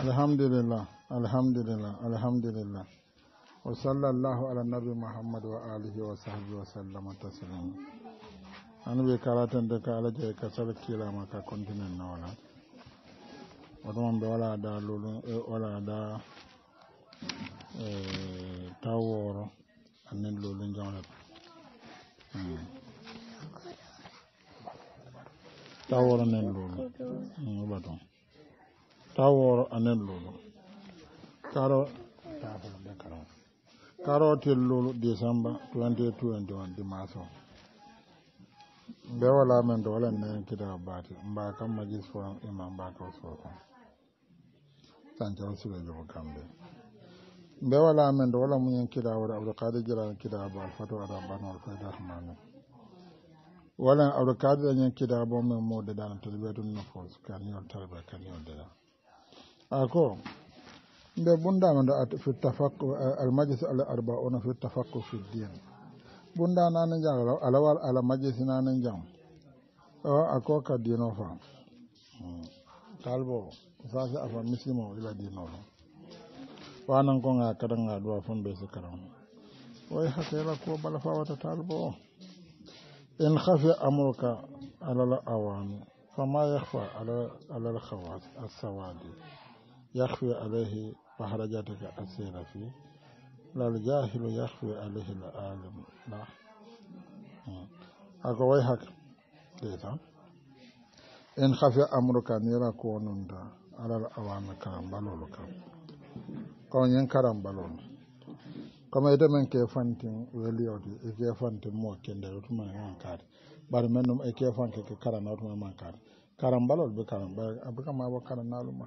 alhamdulillah alhamdulillah alhamdulillah wa sallallahu ala nabi muhammad wa alihi wa sahbihi wa sallama taslima an ɓe kalaten de ka alaja e ka sala kiilama na wala man wala da lulu eh, wala da eh, annin taworo anen lulu karo tafolde karo karotel lulu décembre 2021 dimaso be wala men do wala nen kida bati mba kam majis foram imam mba ko soko sanjaro sile jogo kambe be wala men do wala munyen kida wala abdul qadir kida ba banol wala abdul qadir nyen kida bo men mo de dan kan yon kan yon de ako nde bundano da fi al majlis al arba'una fi tafak fi din bunda nan jang alawal ala majlis nan jang o oh, ako ka dino fa talbo hmm. sa sa afa mislimo ila dino fa nan ko nga kadan nga duwa fon be su karam wai haka yala ko bala fa wata talbo in khafi amruka ala al awani fama yakhfa ala al khawat as sawadi يخفي عليه محرجتك أسير فيه لا الجاهل يخفي عليه العالم لا أقوي حق إن خفي أمرك نيرا كونوندا على الأوان كرم بلولك كون ين بلول كما يدمن كيفانتين وليودي كيفانتين مو كندا يتمنى ينكار bari men ɗum e kefanke ke karana tuma man kar karambalol be karamba abe kam abo ma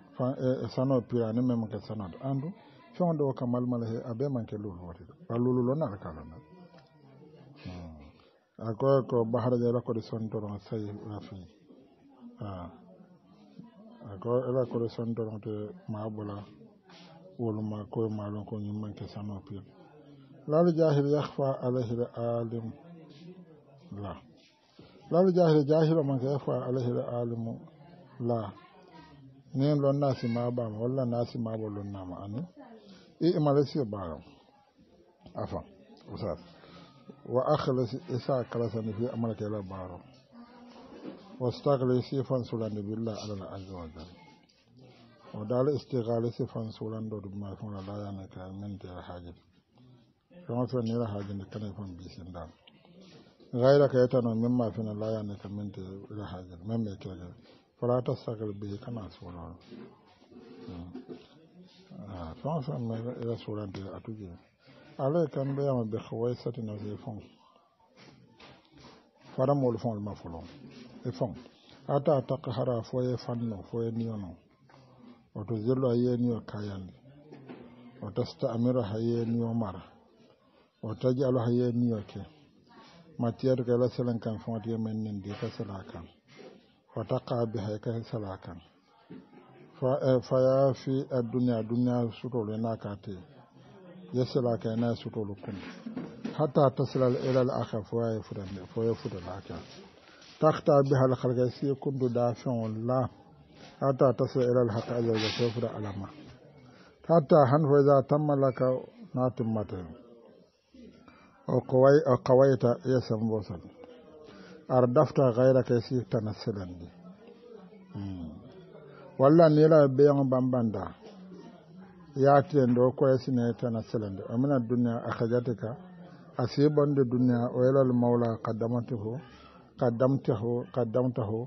Eh, eh, sano pira ni meme ke sanoto andu feŋo ɗo ka malmala he a be manke lulu wati a lululo nara kalana a koye ko baharaja ela koɗe sontoron sayi rafi a ko ela koɗe sontoron te maɓola woluma koye malon ko ñimmanke sano pir laalu jahil yahfa alayhil alim la laalu jahil jahilo manke yahfa alayhil alimu la نيم لون ناسي ما بام ولا ناسي ما بولون نام انا اي مالسي بام افا وصاف واخلص اسا كلاسن في عملك يا بارو واستغل سيفان سولان بالله على العز وجل ودال استغل سيفان سولان دود ما فون لا يانا كامن تي الحاج كما فين نيرا حاج نكنا فون بيسن دام غيرك يتنو مما فين لا يانا كامن تي الحاج ميم يتنو faratar sakar kana sauraro fɛn fɛn mɛ ɛrɛ sɔrɔ de a tuju ala ye kan bɛ bɛ hawaii sati na fɛn fara mɔli fɛn olu ma fɔlɔ e fɛn a ta ta ka hara fɔ ye fan nɔ fɔ ye niyɔn nɔ o to zelo a ye niyɔn kayan de o ta sta amira a ye niyɔn mara o ta jalo ha ye niyɔn kɛ matiyar ka la selen kan fɛn o mɛ nin de ka selen a kan وتقع بها كسلاكا آه، فيا في الدنيا الدنيا سطول ناكاتي يسلاك انا سطول كن حتى تصل الى الاخر فيا فوي فيا فوي فرن تخت بها الخلق سي دافع الله حتى تصل الى الحق الا يسوف علما حتى هن فاذا تم لك ناتمته وقوي قويت يسم بوصل ardafta gayra kayfi tamasilandi walla nila beyan bambanda ne do koyesine tamasilandi amina duniya akhajatika asibonde duniya o yelal mawla qaddamatuhu qaddamtahu qaddamtahu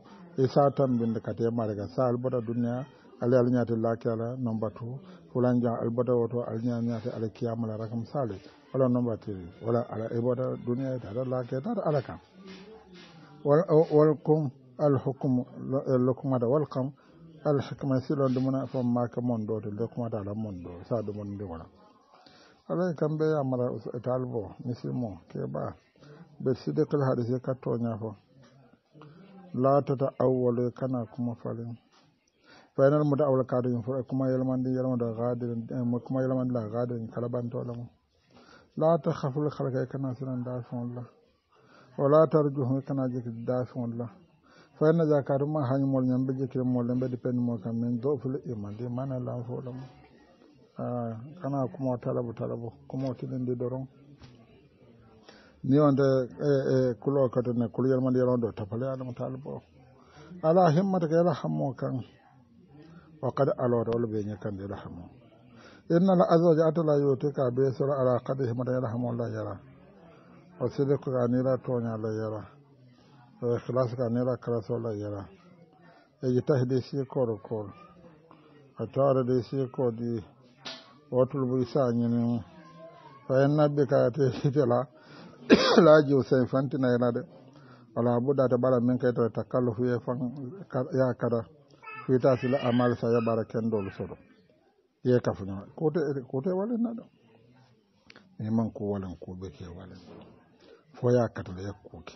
isa tan binde kate marga sa albota duniya ala alñaate laakela nomba two fulanjan albota woto alñañaate ala kiyamala rakam sale wala nomba wala ala ibada duniya tata laake ala kam walkon alhukumu lokumada walkam alhikma silo dumuna fon maka mondode lokumada ala mondo sa dumun ndiwala alay kamɓe yamara talbo misimo keɓa ɓe sidikil haɗise kattoña fo latata awwalo kana kuma falin faynal muda awla kado yum fo kuma yelmandi yelmada gadirin kuma yelmandi la gadirin kala bantolamo lata haful halkay kana sinan da fonla wala tarjuhum kana jeki dafi wala fa ina zakaru ma hanyu mol nyambe jeki mol nyambe di pen mol kam men do fulu ima di mana la fo la mo ah, kana kuma talabu talabu kuma tilin di dorong ni wanda e, e, kulo kato ne kulo yalma di yalondo tapale adam talabu ala himmata ka yalahamu kan wa kada alora wala be nyakan yalahamu inna la azwaja atala yote ka be sura ala kada himmata yalahamu Allah yalahamu o sede ko anira toña la yara e eh, ikhlas ka kraso la yara e jitahidi si koro koro a eh, de si otul wotul buri sa fa fayen nabbi ka te sitela laji usain fantina yana de wala buda ta men min kai ta takallufu ya fan ya kada ta sila amal sa ya bara kendol soro ya kafunya ko te ko te walin na ni man ko walan ko be ke walan foya yakkata ɗo yakkude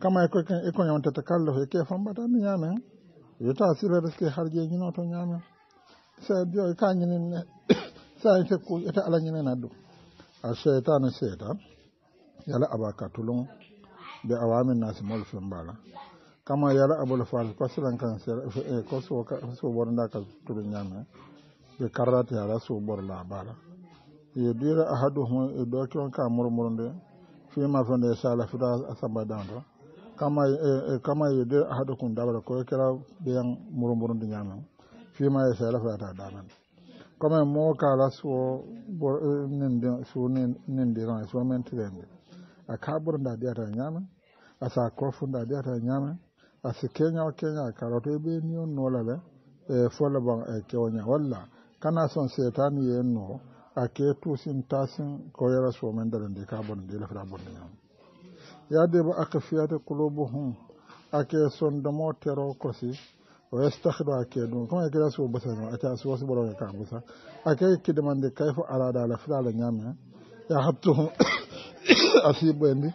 kama e iko e ko ñamtata kallo e ke fambata mi ñaamen yota silo reske harjeji no to nyama sa biyo ka ñinine sa fekku ete ala na do a cheytane cheytan yala abaka tulun ɓe awamin nasi mol fe mbala kama yala abul fal kasran kan kan ko so ka eh, so ka tulun tulu ñaamen ɓe karrate yala soborla bala yo dira ahaduhum e dokion ka murmurde fi ma fɛn dɔ fima fende sala fita dan kan kama ye e, e, kama ye de a hada kun dabara ko e kira biyan murumurun dinya nan fima ya sala fata danan kama mo kala so nin din so nin din ran so tigɛ nin a k'a kabur da diya ta ɲa nyama a sa kɔ kofu da diya ta ɲa nyama a si kenya o kenya i bɛ ni o nɔ la dɛ fɔlɔ fola kɛ o ɲa wala kana son setani yen nɔ. a ke sin tasin koyara somen da rinde ka bon de la fra bon ya ya de ba aka fiyata a ake son da motero kosi o yastakhdu ake dun kuma ake da su sai a ake su wasu boro ka a ake ki da man de kaifu arada la fara la nyame. ya habtuhum asibendi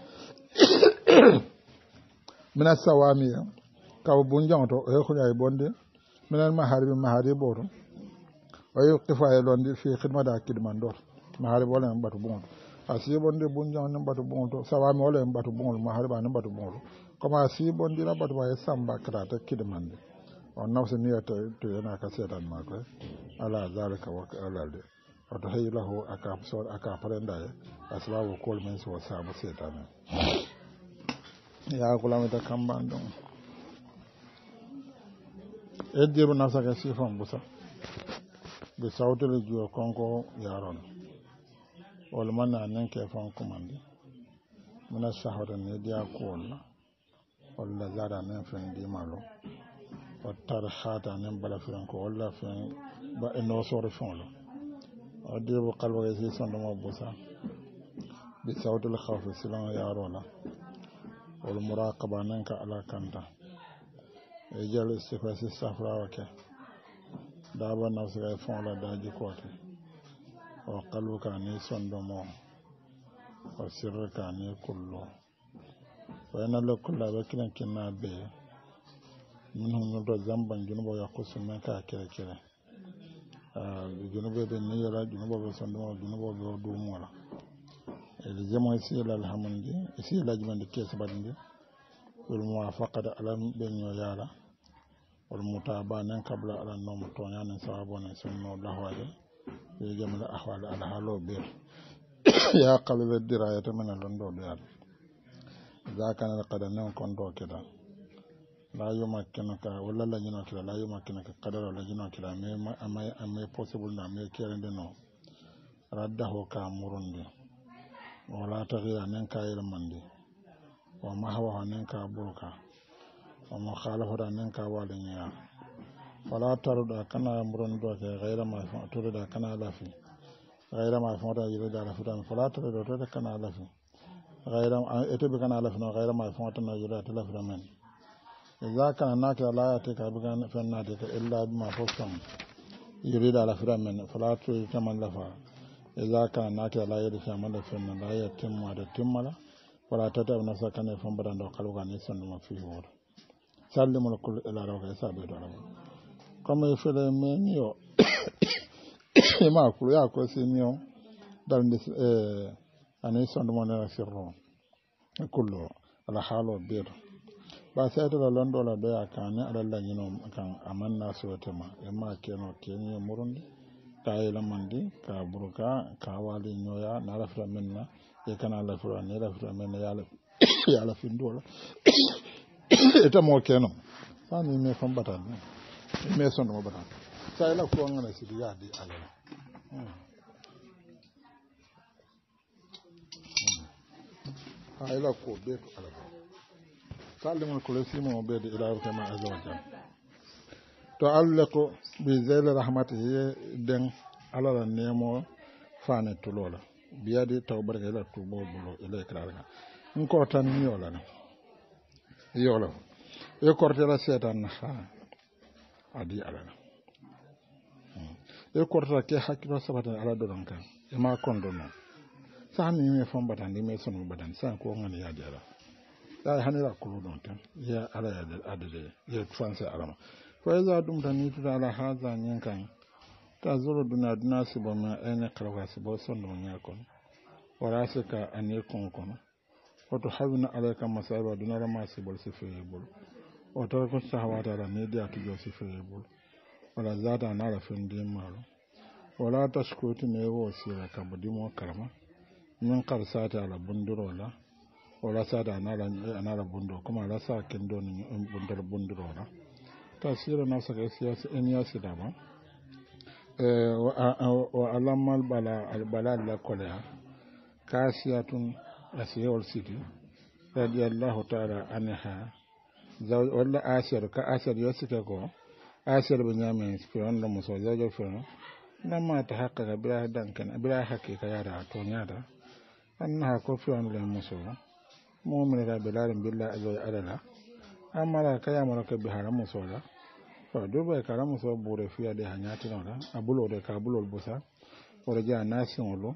mina bu kaw e ko y'a bonde minan maharibi mahari boro. wa yuktifa e londi fi khidmata kidman ɗor ma haari wala en a siibonde bunjaŋ nin ɓatu to sawami wala en ɓatu buŋol ma haari ɓa nin ɓatu buŋol comme a siibondira ɓatu ma e samba kirata kidmande on nafsi niyata to yenaka seetan ma koye ala aka so aka asbabu kol men so nafsaka busa ɓe sawtere juwa konko yaron wolma nanen ke fan kumandi mina sahara ne diya kuwolla walla lara nen fen dimalo o tar hata nen bala fen ko walla fen ba e no sore fonlo o debo kalwa ye si sondo ma busa bi sawtul khawfi silan yaro la wal muraqaba nen ka ala kanta e jalo istifasi safra wa ke daaba nafsiga ye foŋo la daaji kooti wa qalbuka aniŋ sondomoo wa sirrika aniŋ kulloo wa ina le kulla be kiliŋ kinnaa bee minnu ñunto zamban junubo yakusu meŋ ka kere kere junube be niyela junubo be sondomoo junubo be wo duumoo la e jemo isiyel e alhamudi isiyel e ajumandi keesibadindi wolu muwafakata ala be ñoo yaa la والمتابعة قبل على النوم تونيان صابون سنو لهوال يجمع الأحوال على هالو بير يا قليل الدراية من اللندو بير إذا كان القدنين كنتو كده la yumakkinaka walla lañinokila la yumakkinaka kadara lañinokila amay amay possible na amay kerende no raddaho ka murundi wala tahiya nen ka yelmandi wa mahawaho nen ka burka omo haala hoto annen ka waalo ñeya fala taruɗa kana mburon doke gayra ma turuɗa kana lafi gayra ma fonta yiruɗa lafi tan fala taruɗa tote kana lafi gayra eteɓe kana lafi no gayra ma fontana yiruɗa te lafira men ida kana nakira layate ka bigan fen nate ka illa bima fof tan yurida lafira men fala turuɗi taman lafa ida kana nakira layede tamalla fen na laye timmade timmala wala tata nasa kane fombaɗa do kalugani sonduma sallimol kul ilaraw ka sa ɓe ɗorama comme fele meni o ma kulu ya ko sini o darde eh, son sondumonera sirro e kullo ala haalo biyar ba saytola londola ɗoya kane a aɗa lañino kan amanna sowetema e ma keno keni murundi ka di ka buruka ka waali nyoya na lafira men ya kana lafira ni lafira men na yala findola ete moo kee noon fan ime fam ɓatan ime sondemo ɓatan sa ila ko ngana sidi yaadi alala hmm. ha ila ko ɓee ko alala saldemol kole simomo ɓeede ila rutema aza wa jam to allah ko ɓi zeyle rahmate ye den alala nemo fane tulola biyadi taw barka ila tuɓo bulo ila écrare ga nkoo tan niyolana yolo e kortela setan na ha adi alala e kortela ke hakkilo sabata ala doron kan e ma kondo kondono sa mi me fon batan di me sunu batan sa ko ngani ya dela ya hanira kulu don tan ya ala ya adade ya tsansa alama fa iza dum tan ni tuda ala haza nyen kan ta zuru duna duna sibama ene karwa sibo sondo nyakon wala sika ane kon kono woto hawina alay kam masaiba dunarama sibol si feyebol o tara ko sahawata ala nidi a tujo si feyebol wala zata nara fendimaalo wala taskuti ne wo sira kabo dimo karama min kar sata ala bunduro la wala sata anala anala bundo kuma ala sa kendo ni bundar bunduro la tasira na saka siyasa en ya dama wa alamal bala albala bala la kolea kasiyatun asiya wal sidi radiyallahu ta'ala anha walla asiyar ka asiyar ya suke ko asiyar binyamin firon da musa zaje firon na mata haka ga bira dankan bira hakika yara to yara annaha ko firon da musa mu'min da bilarin billah azza adala amara kaya maraka bi haram musa da to dubai karam musa bure fiya da hanya tinora abulo da kabulol busa wala ja nasin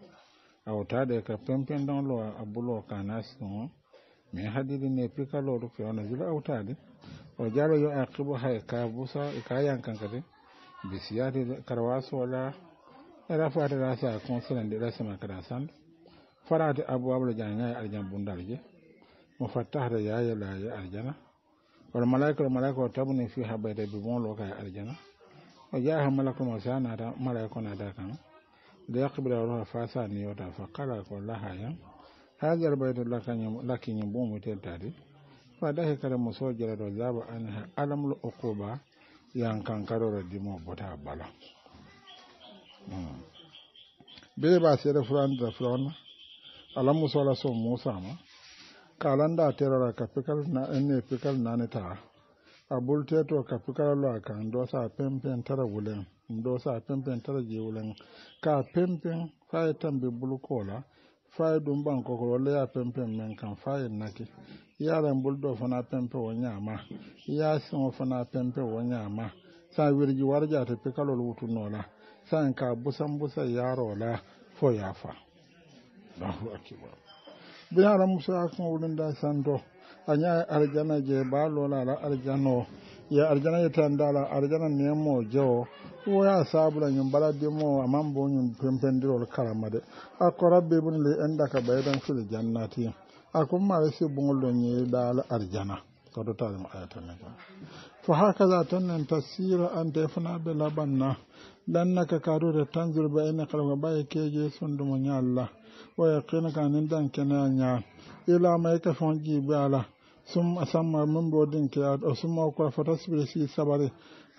de ka pempenɗon lo a bulo kanasi ɗum min haɗiɗi ne pikaloɗo fewna julo awtade o jalo yo aqibo hay ka busa e ka wala bisiyade karwasola era fatata sa consilande ɗa sema kada sanda farate aboabla janañaye arjan bundalje mo fattahata yaye laye arjana wala malaika o malaika o tabni fi ha bayta bibon lo kaye arjana o jaaha malakuma sa nata malaika o nata kama da ya kubra ruwa fasa ne wata fakara ko lahayan ha garbai da lakin yin bumu ta tare fa da hekara mu sojira da zaba an ha alamul uquba yan kankaro dimo bota bala hmm. be ba sai da furan da furan alamu sala so musa ma kalanda tera ka fikal na ne na ne ta a bulte to ka fikara lo ka ndo sa pempen tara wulen ndo sa pempen tara je wulen ka pempen faye tambe bulukola faye ban kokoro le ya pempen men kan faye naki yaran buldo fana pempe wo ya sun fana pempe wo ñama san wirji warjate pikalol wutunola san ka busan busa la fo yafa allahu akibar bihara musa kan wurin da santo anya arjana je ba lola la arjano ya arjana ya la arjana ne mo jo wo ya sabula nyum balade mo amam bo nyum pempendirol karamade akorabbe bun le ka baydan fil jannati akum ma resi bungolo nyi dal arjana ko kado talim ayatan ne fa hakaza tan tasira an defna be labanna lannaka karuɗo tanzur ba ke kalko baye keje sundumo ñalla o yaqina ka nin dan kene a ñaan ilama yeke fon jiibe ala sum asamma min bodin ke a sum ma o kura fota si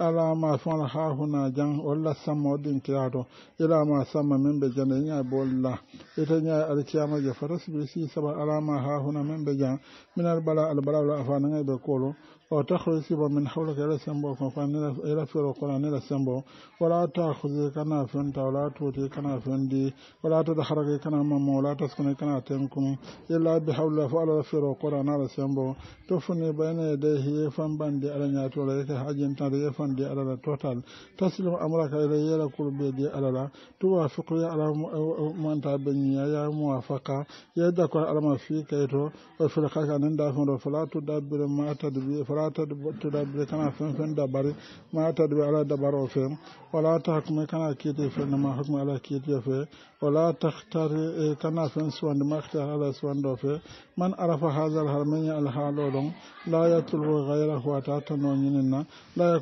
ala ma fana ha huna jan walla samma wadin kiyato ila ma sama min be jan nya bolla ita nya alkiyama je faras be si saba ala ma ha huna min be jan min al bala al bala la na ngai be kolo o si siba min hawlaka la sambo ko fa nila ila firo ko nila sambo wala ta khuzi kana ta, wala tuti kana di, wala ta haraka kana ma wala ta sukuna kana tankum illa bi hawla fa ala firo ko nila sambo to fune bayna yadayhi fan bandi ala nya to la yake hajin ta da yafan man di alala total amraka ila kurbe di alala tuwafiqu ya ala manta beñiya ya muwafaka ya dakor alama fi kayto o fil kaka fala ma fala kana fen fen ma ala wala kana fen ma ala fe wala kana fen ma ala fe man arafa la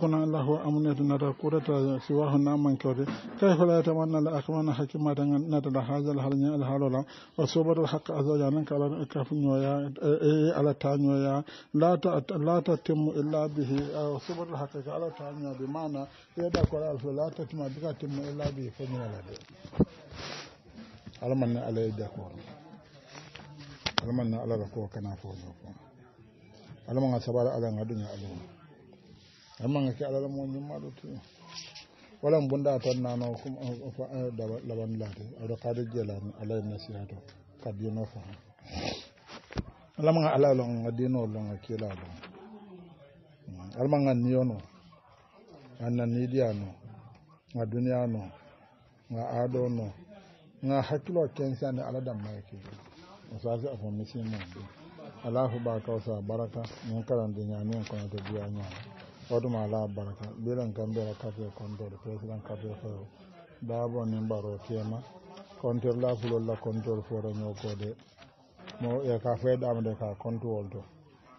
no la له أمن ندى قرة سواه نامن كوبي كيف لا يتمنى لأكمان حكمة ندى هذا الحال الحالولا وصوبر الحق أزاجانا كلا كفن ويا على تاني ويا لا لا تتم إلا به وصوبر الحق على تاني بمعنى يدا كلا لا تتم بك تتم إلا به فمن الله alaman na ala ya jako alaman na ala da kowa kana fo alaman a sabar ala ngadun ya alaman ga ke alala mo nyimma do tu wala bunda tan nano kum laban lati ado kade na siyata ka kadino fa lamanga ala lon ngadino lon akila do almanga niyono anna no nga duniya no nga ado no nga kensa kensande ala mai ke o sasi afo misimo ala fu ba kawsa baraka min karanta ñamin kono to biya ñaama wadum ala baraka biran gambera kafe kondo de president kafe fo dabo ni baro tema kontor la fulo la kontor fo ro nyoko de mo e ka fe dam de ka kontu woldo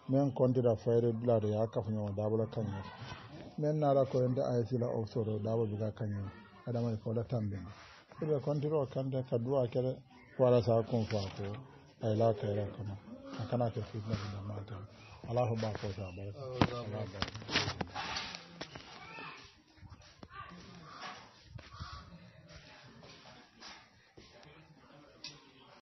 men konti da fe re la de yaka fo nyoko dabo la kanyo men na ra ko ende ay sila o soro dabo bi ga kanyo adama e fo la tambe ibe kontor o kande ka duwa kere wala sa kon fa ko ay la ka era kono akana ke fitna da mata Allahu ba'ala ta baraka.